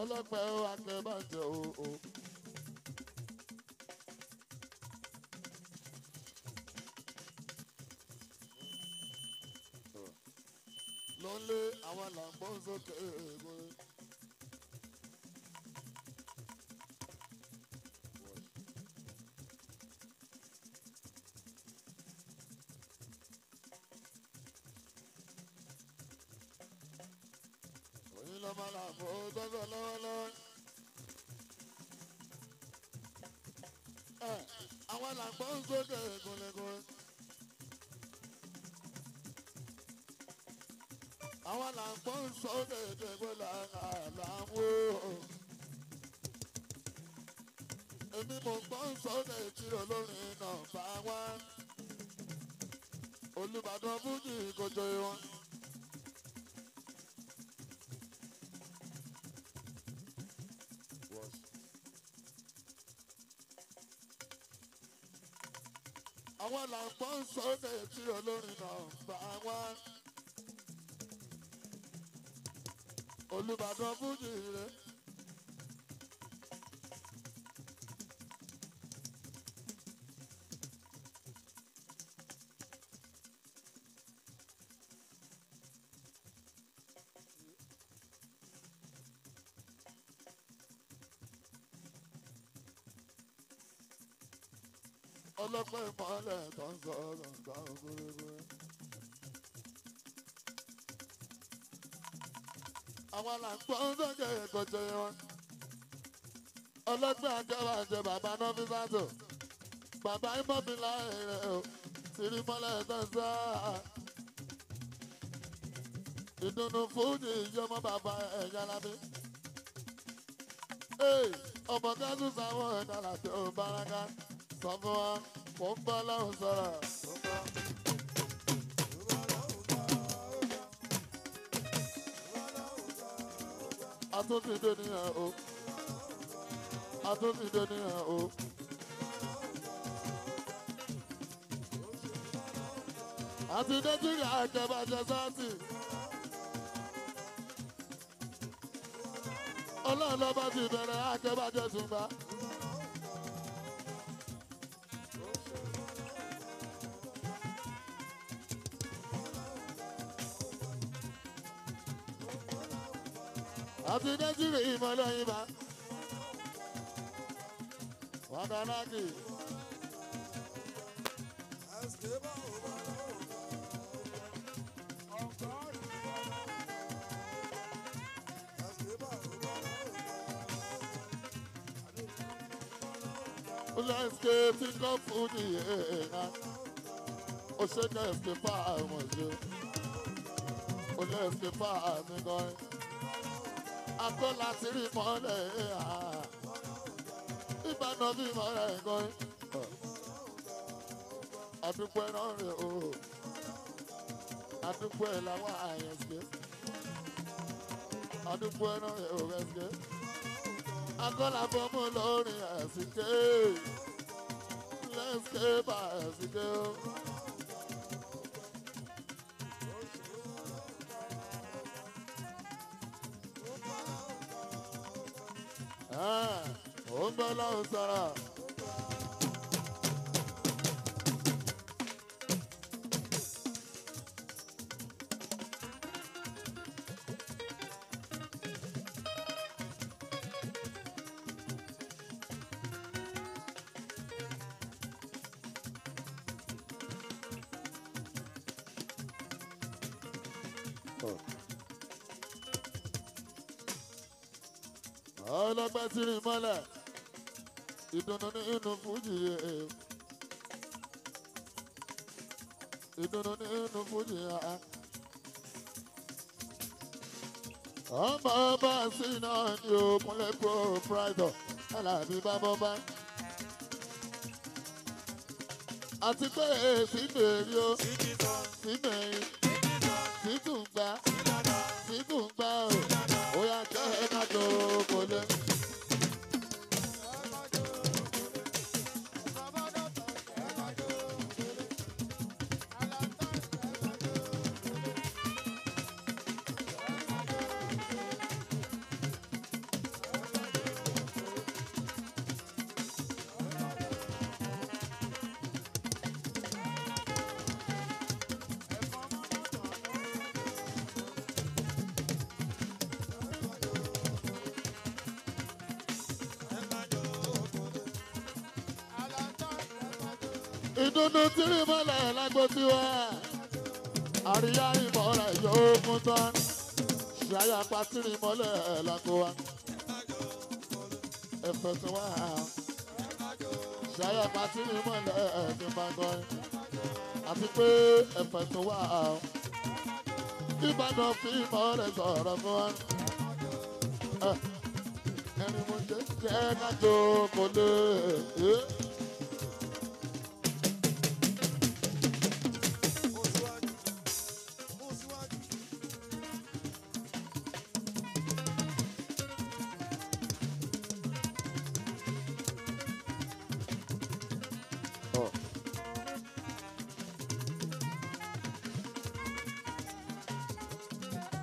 ọlọ́pẹ́ ó akẹ́bàjẹ́ o o. ló ń lé àwọn làǹgbọ́n sókè èèwọ̀. àwọn là ń gbọ́n sókè dègbò lànà làwọn o. èmi mò ń gbọ́n sókè tìrò lórí nọ̀mbà wá. Olúbàdàn fújì kojú wọn. àwọn là ń gbọ́n sókè tìrò lórí nọ̀mbà Olúbàdàn fújì rẹ. ọlọ́pẹ́ ìmọ̀lẹ̀ tó ń sọ̀rọ̀ nǹkan gbogbo. àwọn là ń pọ́ ń sókè ìkòtò wọn. ọlọ́gbẹ́ akẹ́wà ṣe bàbá náà fi sáàtò bàbá ìmọ̀bìlà èrè o tìrí mọ́lẹ̀ tó ń sá. ìdùnnú fújì ìjọmọ bàbá ẹ̀yà lábí. ọmọ kásù sáwọn ọ̀dàlà tó bára ká sọ fún wa kò ń bọ́ lọ́hùn sọ̀rọ̀. atúntìdé nìyẹn o atúntìdé nìyẹn o. àti nàìjíríà àjẹbàjẹ sáàtì. ọlọ́run lọ́ba ti bẹ̀rẹ̀ àjẹbàjẹ tùmbà. àti dẹ́jìrì ìmọ̀ lọ́yìn bá. wákàlákì. Lẹ́sìkè tí kò fún nìyẹn náà, ó ṣe kẹ́sìkè fáwọn ọmọ ìṣe, ó lẹ́sìkè fáwọn mi gan-an akọ́ láti rí mọ́lẹ̀ ìbànú bí mọ́lẹ̀ gan. àdúgbò ẹran rẹ̀ o àdúgbò ẹ̀ làwọn àyẹ̀ ṣe àdúgbò ẹran rẹ̀ o rẹ̀ ṣe akọ́ làbọ̀ mú lórí ẹ̀sìn ké bá ẹ̀sìn o. তারা ọlọ́gbẹ́ tí rí mọ́lẹ̀. ìdùnnú nínú fújì ìdùnnú nínú fújì ọmọ ọba sí náà ni òkúnlẹ̀ proprietor alábí bábọ́bá àti pé èsì bèrè o sí bèrè sí tùgbà sí tùgbà o ó yà jẹ́ ẹ̀ tó kò lẹ́nu. ìdùnnú tírí mọ́lẹ̀ lágbo tiwa àríyá ìmọ̀ràn yóò kún tán ṣáyà pa tírí mọ́lẹ̀ lágbo wa ẹ̀fẹ̀ tó wà ṣáyà pa tírí mọ́lẹ̀ ní Ìbàdàn àti pé ẹ̀fẹ̀ tó wà Ìbàdàn fi ìmọ̀ràn sọ̀rọ̀ fún wa ẹ̀rín mo ṣe jẹ́ kájọ kò lè.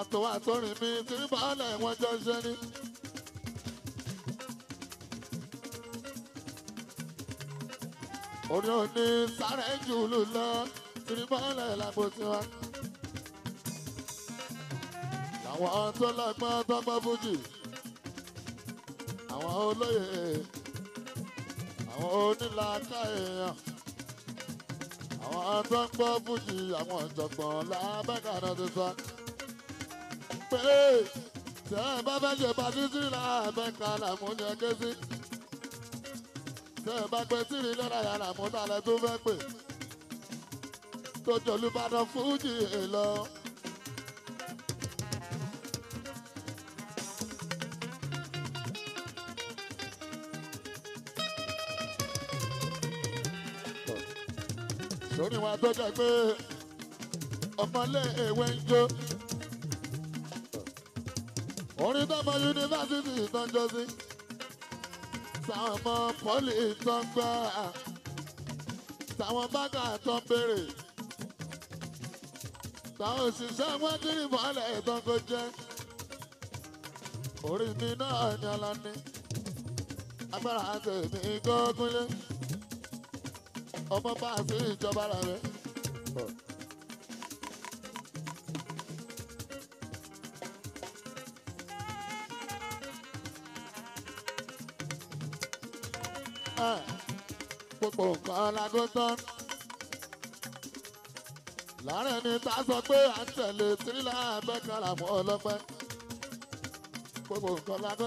àtòwà àtòrìn mi ti rí bàálà ẹ̀wọ̀n jọ ṣe ni. orin òní sáré jùlù lọ ti rí bàálà ẹ̀ làbò tiwa. làwọn tó lọ́gbọ́n tọ́gbọ́n fújì àwọn olóyè àwọn onílàákà èèyàn àwọn tó ń gbọ́ fújì àwọn ọ̀jọ̀gbọ́n làbẹ́kànnà ti sọ pé tẹ́ ẹ bá fẹ́ ṣe patisi láàbẹ̀ kan làmú yẹn ké sí. tẹ́ ẹ bá gbé tìrì lọ́dà yà làmú talẹ̀ tó fẹ́ pè. tó jọlú fújì lọ. sórí wa tó jẹ pé ọmọlé èwe ń jó orin tọmọ yunifásitì tọ́jọ́ sí sàmọ pọ́lì tó ń gbọ́ sàwọn bákà tó ń béèrè sàwọn òṣìṣẹ́ wọn kiri mọ́lẹ̀ tó ń mi náà ni ọlá ní agbára tèmi kó kúnlé ọmọ bá sí ìjọba rẹ̀. gbogbo nǹkan lágó tán. láàrin ni tá a sọ pé à ń tẹ̀lé tírílà bẹ́ẹ̀ kan làwọn ọlọ́pẹ́ gbogbo nǹkan lágó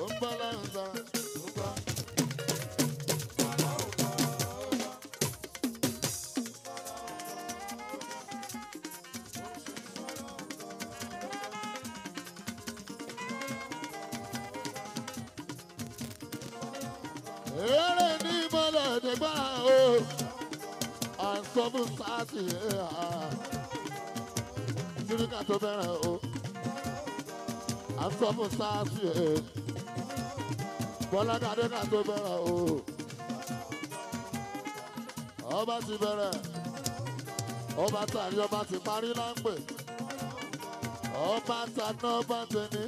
ó Ere ni mo lọ dẹgbà o, à ń sọ fún sáà sí ẹ̀ha sirika tó fẹ́ràn o. Asọ́fún bọ́lá kàdé náà tó bẹ̀rẹ̀ o ọba ti bẹ̀rẹ̀ ọba tàrí ọba ti pari láńpẹ ọba tàná ọba tẹni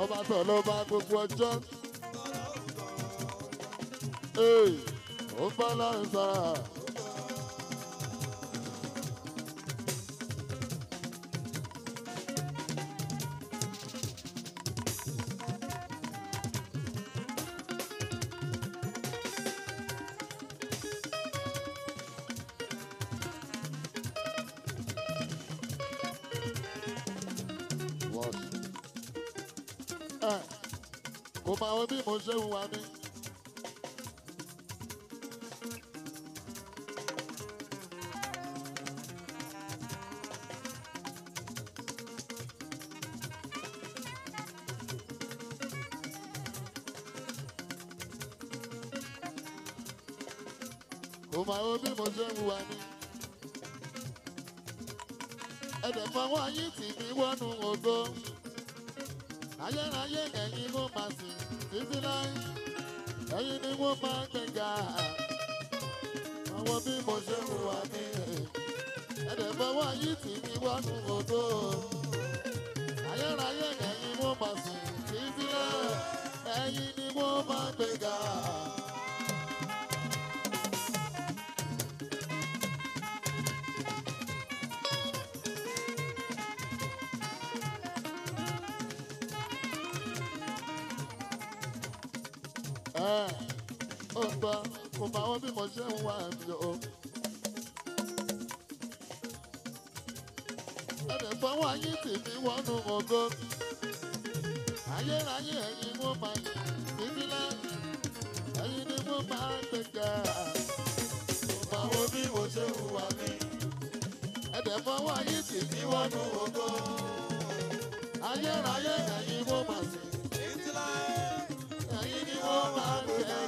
ọba tọ̀ lọ́ba gbogbo ọjọ́ ee ó bá láǹsà. bí mo ṣe hùwà mi. kò máa wo bí mo ṣe hùwà mi. ẹ̀dẹ̀ fọwọ́ yín tì mí wọ́nú ògbó. ayé na ẹ̀yin ló máa sìn títí láì ẹ̀yin wọ́n máa gbẹ̀ngà àwọn bí mo ṣe ń wà ní ẹ̀dẹ̀ fọwọ́ yìí tì mí wọnú òdo bá wọn bí mo ṣe ń wá mi o. ẹnì fọwọ́ ayé tì mí wọnú ògo. ayérayé ẹ̀yin mo máa yìn mí lá. ẹ̀yin ni mo máa gbẹ̀gà. bá wọn bí mo ṣe ń wá mi. ẹnì fọwọ́ ayé tì mí wọnú ògo. ayérayé ẹ̀yin mo máa yìn mí lá. ẹ̀yin ni mo máa gbẹ̀gà.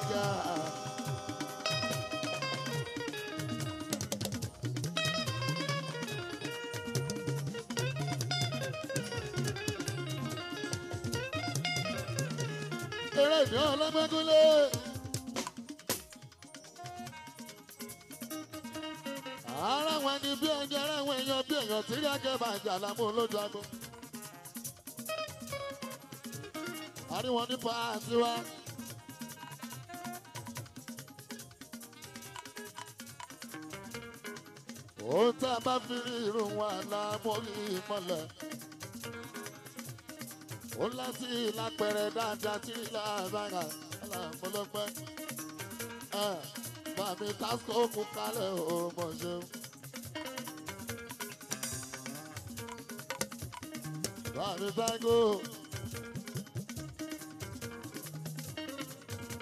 ara wọn ni bí ara wọn èèyàn bí èèyàn tí yàgẹ́ bá jà lámú lójú agbo. àríwọ̀n nípa àti wa. a rí la mórí ó lásì lápẹẹrẹ dáadáa tí láàbára aláàmúlọ́pẹ́ bàmí tásìkò kú kálẹ̀ ó mọ̀ ṣeun. bàmí táńgò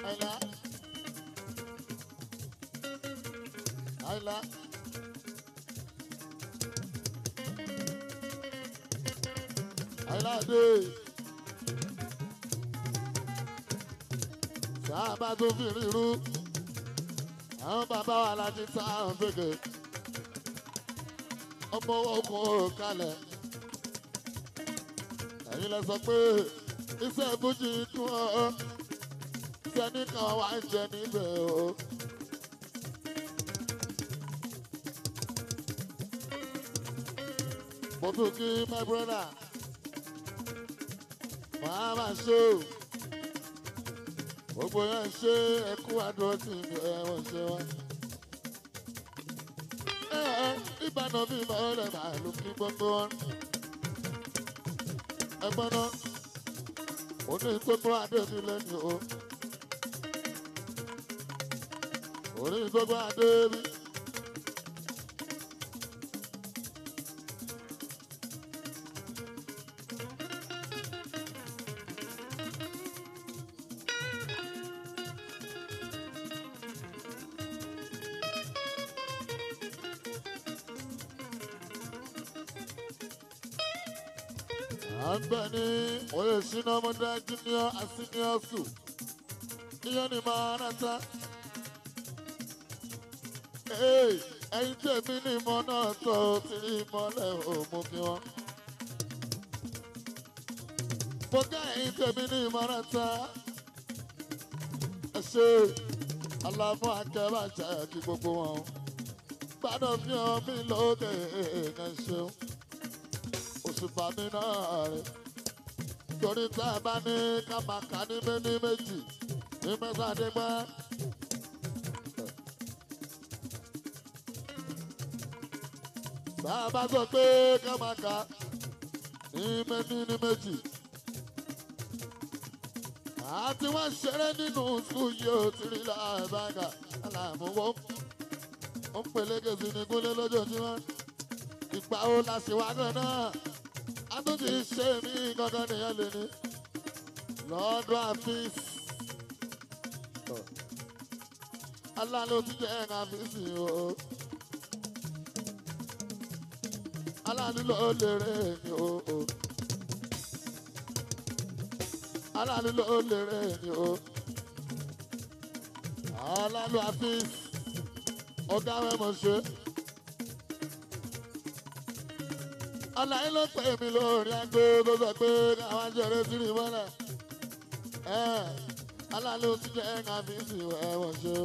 àìlá àìlá. I love you. àbá tó fi ríru àwọn bàbá wa láti ta àwọn gbègbè ọmọ ọkùn òrò kalẹ̀ ẹ̀yin lẹ sọ pé iṣẹ́ ìbújì dùn ọ́ sẹ́ni kan wá ń jẹ níbẹ̀ o. mo tún kí my brother Mahama Show gbogbo ẹ ṣe ẹkú àdúrótì ẹwọn ṣe wá. ẹ ẹ ìbànú bíi mọ̀ọ́lẹ̀ màálù kí gbogbo wọn. ẹgbọ́n náà ó ní gbogbo adébí lẹ́yìn o. ó ní gbogbo adébí. Namanda Junior and Senior School. Iyoni Manata. Hey, ẹ̀yin tèmi ni mo náà tọ́ sí ìmọ̀lẹ̀ òmù kí wọ́n. Mo I ẹ̀yin tèmi ní ìmọ̀ràta. Ẹ ṣe aláàmú akẹ́bàjẹ́ kí gbogbo wọn. Gbádùn fi hàn mí lóde ẹ̀ torí tá a bá ní kàmàkà ní méní méjì ní mẹ́sàdégbá. bá a bá sọ pé kàmàkà ní méní ní méjì. àti wọ́n ṣeré nínú sùn yóò ti rí láàbàgà aláàmúwọ́. ó ń pelékè sí ní kúnlé lójoojúmọ́. ìgbà wo la ṣe wá gan náà tún ti ṣe mí gangan nìyẹn lè ní lọ́dọ̀ àfíìsì alálẹ́ òtún jẹ́ ẹ̀ràn àfíìsì o alálẹ́ ló lè rè mí o alálẹ́ ló lè rè mí o alálẹ́ àfíìsì ọ̀gá rẹ̀ mọ̀ ṣe. Àlàyé ló pè mí lórí agbo tó sọ pé káwá jẹrẹ sí rí mọ́lẹ̀. Àlàyé ló ti jẹ́ ká ẹ̀wọ̀n ṣe o.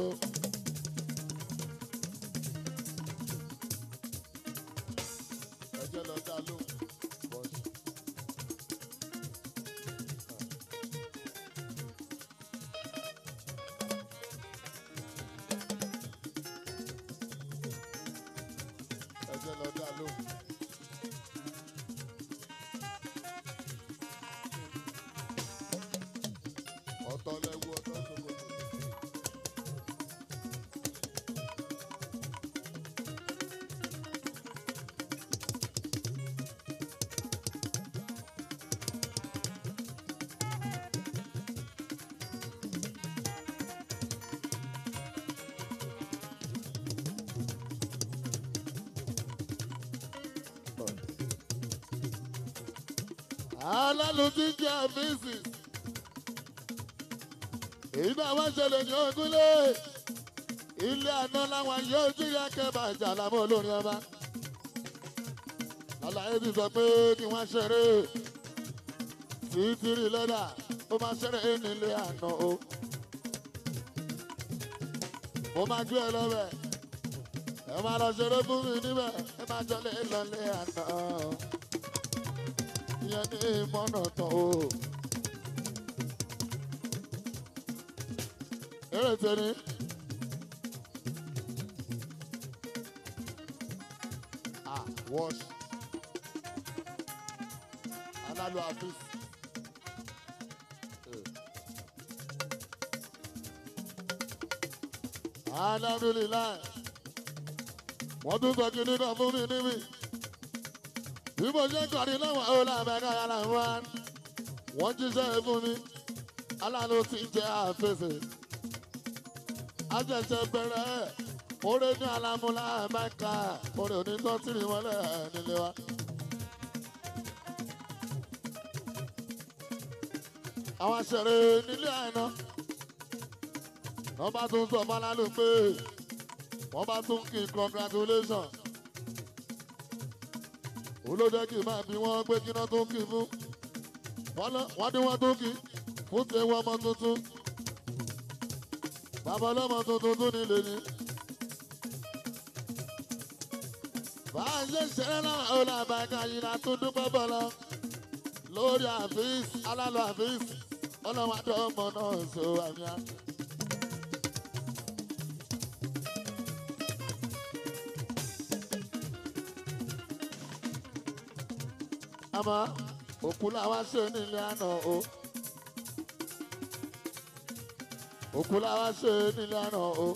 alálù tí kí èyí náà wá ṣẹlẹ̀ ní ogúnlé ilé àná làwọn yóò tún yá kẹba ìjà olórin ọba àlàyé ti sọ pé kí wọ́n ṣeré títírì lọ́dà ó máa ṣeré nílé àná o mo máa gbé ẹ lọ́bẹ̀ ẹ máa lọ ṣeré fún mi níbẹ̀ ẹ máa jọ lé lọ́lé àná o ìyẹn ní mọ́nà tán o. eré tẹ́ni. ah wash. alálù àfíìs. Eh. alhamdulilayi wọ́n tún sọ kí nínú fún mi níbi bí mo ṣe ń kọrin lọ́wọ́ olàmẹ́kọ́ yàrá wa wọ́n jíṣẹ́ fún mi aláàánú ti jẹ́ àfẹsẹ̀ ajẹsẹ bẹ̀rẹ̀ oore ní alamula mẹ́ka oore onítọ́ tìrì nílé wa. àwọn aṣèré nílé àìná wọ́n bá tún sọ fún alálùpẹ́ wọ́n bá tún kí congratulations olódẹ́kì máa bí wọ́n pé kíná tó kì fún wọ́n dín wọ́n tó kì fún ti ewu ọmọ tuntun bàbá ọlọ́mọ tuntun tún ní lè ní. bá a ṣe ṣẹlẹ̀ náà ó là bá ẹ̀ka yìí la tún dúpẹ́ bọ̀ lọ lórí àfíìsì alálò àfíìsì ọlọ́wàdọ́ ọmọ náà ṣòwò àmì àti. àmọ́ òkú làwa sí onílé àná o òkú làwa sí onílé àná o.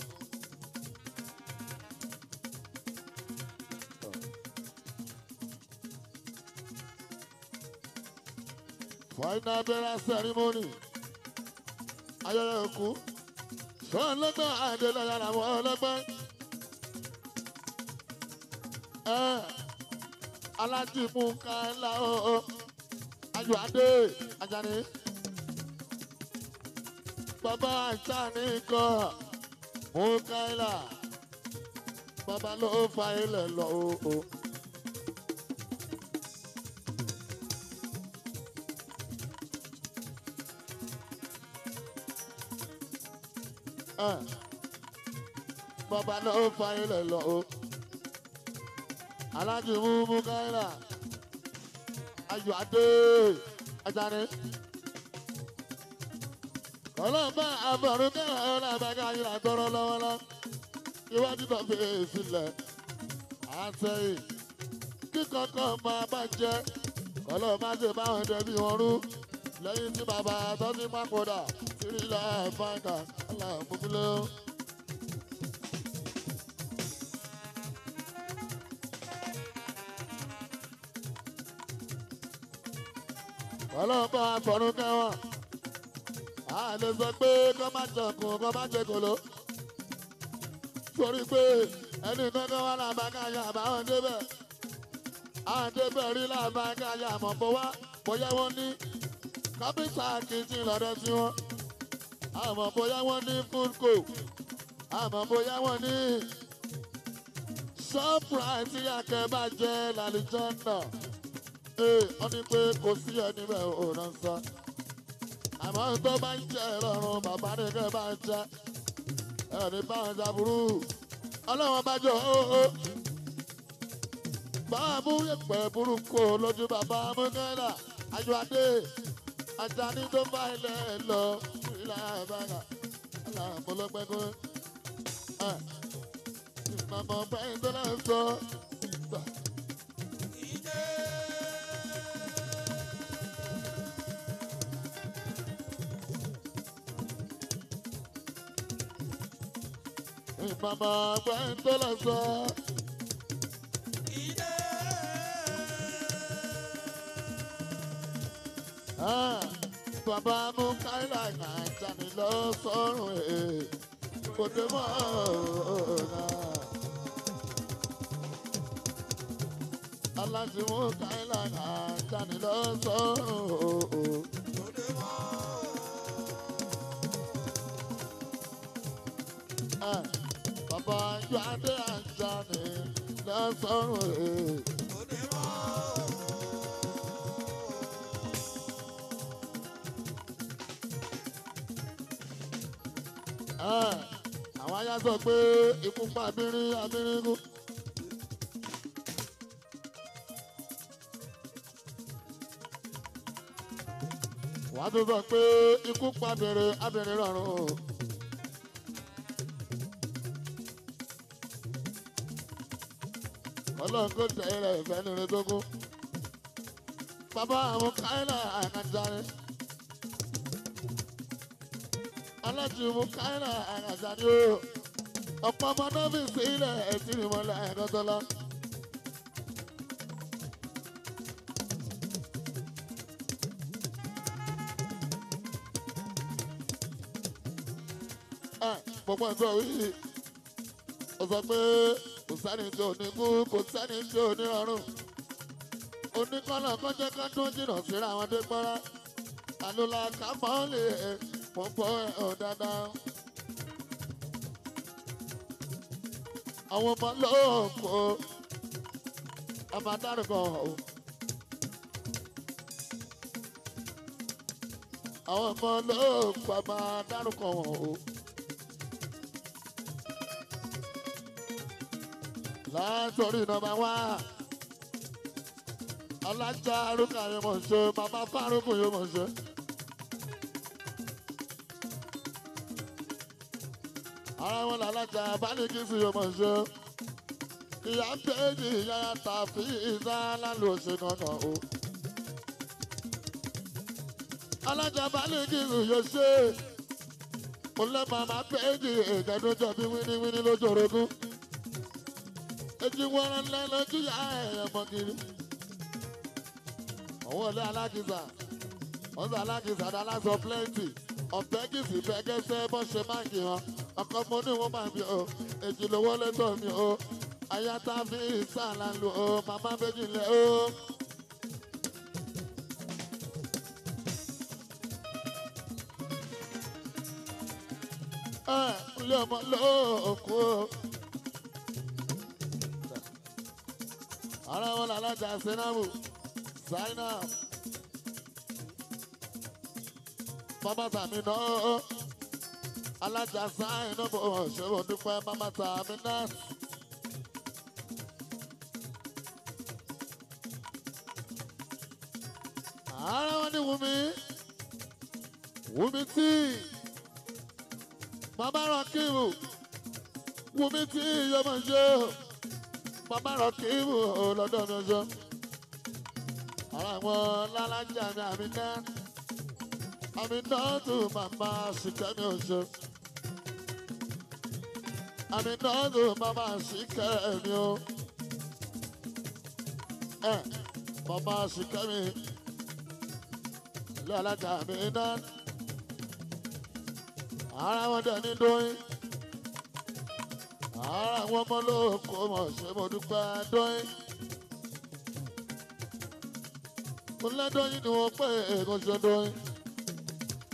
final burial ceremony ayọ̀rẹ́ òkú sọ ọlọ́gbọ́n àdéhùn ọ̀yàrá wọn ọlọ́gbọ́n alájì mú káńlá o ayọ̀ adé Àjàní bàbá Àjàní kọ mú káńlá bàbá ló fa ilẹ̀ lọ o. Eh. bàbá ló fa ilẹ̀ lọ o. alájì múmú káyìnà ayọ̀ adé ajáde. ọlọ́mọ àbọ̀rún kẹwàá ọlọ́mọ káyìnà lọ́wọ́lọ́ iwájú tó fi sílẹ̀ àtẹ̀yìn kíkọ́kọ́ máa bá jẹ́ ọlọ́mọ àti báwọn dẹbí wọn rú lẹ́yìn tí bàbá tó má kódà sírí fáńkà ọlọ́run bá fọ̀rún kẹwọn a lè sọ pé kọ́ má jọkùn kọ́ má jẹ kòló torí pé ẹni kankan wà lábá káyà àbáwọn débẹ̀ àwọn rí lábá káyà àmọ́ wá bóyá wọ́n ní kápẹ́tà kìtì lọ́dọ̀ sí wọn àmọ́ bóyá wọ́n ní food co bóyá wọ́n ní surprise tí akẹ́ náà ee wọ́n ní pé kò sí ẹni bẹ́ẹ̀ ò rán sá àmọ́ tó bá ń jẹ́ ìrọ̀rùn bàbá ní kẹ́ bá ń jẹ́ ẹni bá ń jàbúrú ọlọ́wọ́n bá jọ ó ó bàá mú ìpẹ́ burúkú lójú bàbá mú náírà àjọ adé àjàní tó bá ilẹ̀ lọ ìlà àbára àlàmúlọ́gbẹ́gbẹ́ ìmọ̀mọ́ bẹ́ẹ̀ tó náà sọ. màmá gbẹ́ńtọ́lá sọ. Ah, bàbá mú káìlà nàìjà mi lọ sọ́run ẹ̀ kòtò mọ́ ọ̀nà. Aláṣẹ mú káìlà nàìjà mi lọ sọ́run ẹ̀. Ọbànjọ́ Adé Àjàní lọ́sọ̀rọ̀ rẹ̀. àwọn ayá sọ pé abirin abirin wàá tún sọ pé ikú pa rọrùn ọlọ́run kò tẹ̀ ẹ́ rẹ̀ ìfẹ́ ní onídógó. bàbá àwọn káyínà àkànjáre. alájùmọ̀ káyínà àkànjáre o. ọ̀pọ̀ ọmọ nọ́ọ̀fìsì ilẹ̀ ẹ̀sìn ìmọ̀lẹ̀ àyẹ̀kọ́tọ́lá. Ah, gbogbo ẹgbẹ́ orí ó sọ pé sẹ́ni tó níkú kò sẹ́ni tó nírọ̀rùn oníkọ́nà kọ́jẹ́ ká tó jìnnà síra wọn dé gbọ́ra àlùlà kápọ̀ lè pọ̀pọ̀ ẹ̀ dáadáa. àwọn ọmọ lóòkó ọmọ adarúgbọ̀n o. àwọn ọmọ lóòkó ọmọ adarúgbọ̀n o. látòrí nọ́mbà wá alájà arúgbó ayé mọ̀ ṣe màmá fárúkù yóò mọ̀ ṣe. ara wọn làlájà abánikí sí yóò mọ̀ ṣe. ìyá péjì yára tàbí ìzá lálẹ́ òṣè kankan o. alájà abánikí sí yóò ṣe. mo lẹ́ màmá péjì ìjẹ́dújọ́ bí wíníwíní lójú orogún. Eji wọ́rọ̀ ńlẹ́ lójú yá ẹ̀yẹ̀ mọ̀gìrì. Ọwọ́ ilé alágìsà, ọ̀sà alágìsà dá lásọ plenty. Ọ̀bẹ gìsì fẹ́gẹ́sẹ́ bọ́ ṣe máa kì hàn. Ọkọ mo ní wọ́n máa fi o, èjì lówó lẹ́tọ̀ mi o. Aya tá a fi ìsàlà lu o, màmá méjì lẹ o. Ẹ ǹlẹ́ ọmọ lóòkù o. ara wọn làlájà sinamu zainab mama tàmí náà alájà zainab ṣòro dúpẹ́ mama tàmí náà. ara wọn ni wùmí wùmí tí bàbá mama rọkìbù lọ́dọ̀ mi ọjọ́ ara àwọn lálájà mi àmìná àmìná tó màmá sìkẹ́ mi ọjọ́ àmìná tó màmá sìkẹ́ mi o ẹ màmá sìkẹ́ mi lálájà mi náà ara wọn dẹ̀ ní dóyin ara àwọn ọmọ lóko mọ̀ ṣe mo dúpẹ́ dọ́yìn. mo lẹ́dọ̀yìn ni wọ́n pè é dọ́yìn.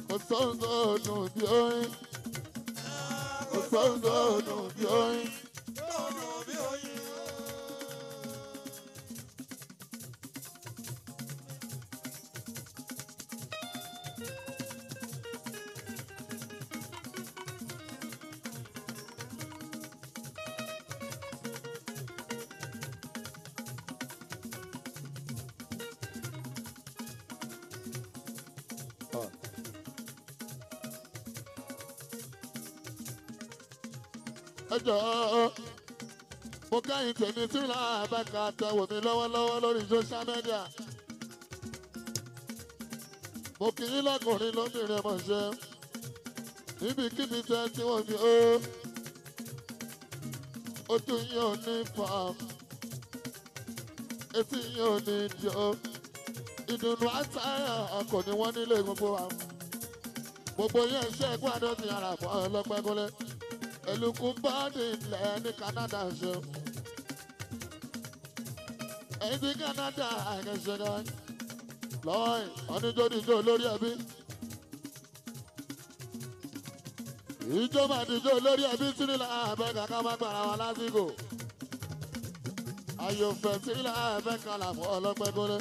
kò sóhun bí óyìn. kò sóhun bí óyìn. mo kẹ́yìn pèmí túnlá àbáka tẹ̀wò mi lọ́wọ́lọ́wọ́ lórí social media. mo kì í lọ́kùnrin lóbìnrin mọ̀ ṣe níbi kíbi tẹ́ tí wọ́n fi ó ojú yín ò ní fà etí yín ò ní jọ ìdùnnú àtàrà kò ní wọ́n nílé gbogbo wa gbogbo yẹn ṣe é gbọ́dọ̀ ti ara mọ́ ọlọ́pẹ́ kọ́lẹ́ èlùkù bọ́ọ̀dì ilẹ̀ ní Canada ṣe. ẹni Canada àgẹ̀sẹ̀dá lọ́wọ́ ọ̀nìjọ́dìjọ́ lórí ẹbí. ìjọba lórí ẹbí sírílà ẹ̀fẹ́ kàkà má gbára wa lásìkò. kàlà fún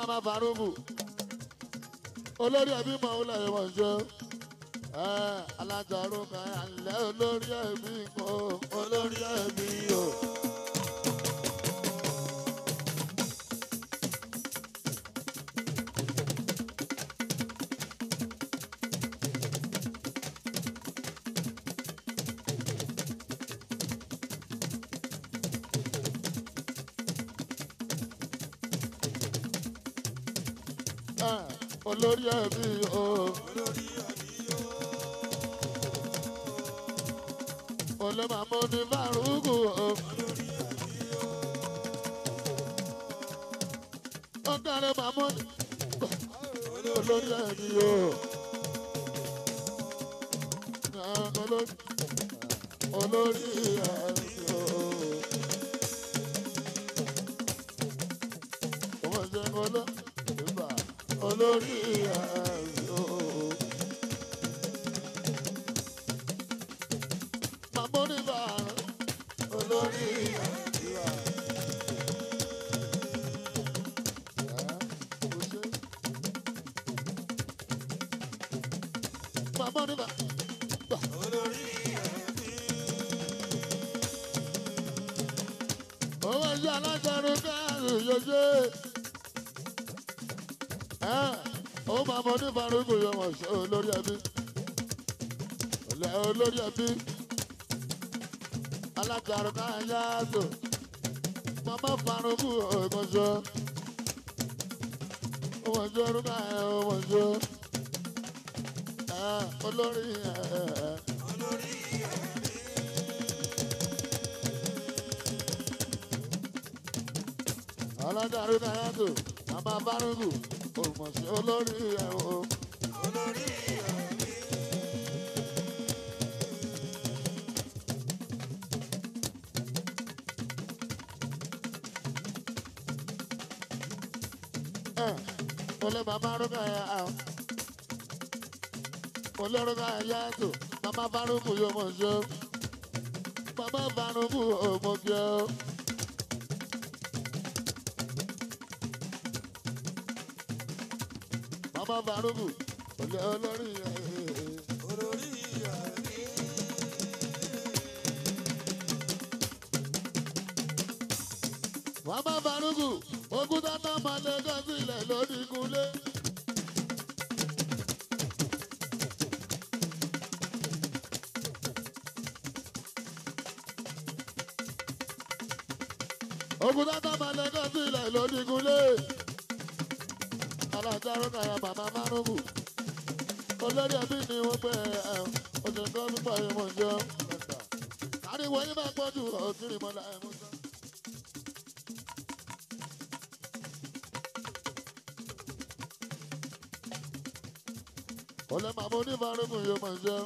alájẹrun olórí alájọrú kan àlẹ́ olórí ẹ̀mí kò olórí ẹ̀mí o. olórí ló máa mú ní fárúkù o. ó kárẹ́ máa mú ní olóyè mi o. olórí àmì o. wọ́n ṣe olórí àmì. ojú alágbẹ̀rún kẹrù yọjọ́ ẹ̀ ó máa mọ ní farugu yọmọ ṣe olórí ẹbí olórí ẹbí alágbẹ̀rún káyà tó mama farugu ọ̀gbọ̀nṣọ́ ọ̀gbọ̀nṣọ́ ọ̀gbọ̀nṣọ́ olórí ẹ̀. ọlọ́dàrú dáyàtò bàbá bárúkù òmùsí olórí ẹ̀ o. olórí ẹ̀ o. olè bàbá rúkà yà á olè rúkà yà tó bàbá bárúkù yóò mọ̀ ṣe bàbá bárúkù òmùsí o. ọmọ farugu olórí rẹ̀. olórí rẹ̀. mama farugu ogún tata malẹ́gà sílẹ̀ lórí kúnlé. ogún tata malẹ́gà sílẹ̀ lórí kúnlé aládàrú náírà màmá márùnmù olórí ẹbí ni wọ́n pẹ́ ẹ òṣèǹkọ́ púpọ̀ ìmọ̀ ìjọ ariwo yín máa gbọ́ jù òkìrì mọ́lá ẹ̀ mú sọ. olè màmá oníbàárùn yóò mọ̀ ìjọ.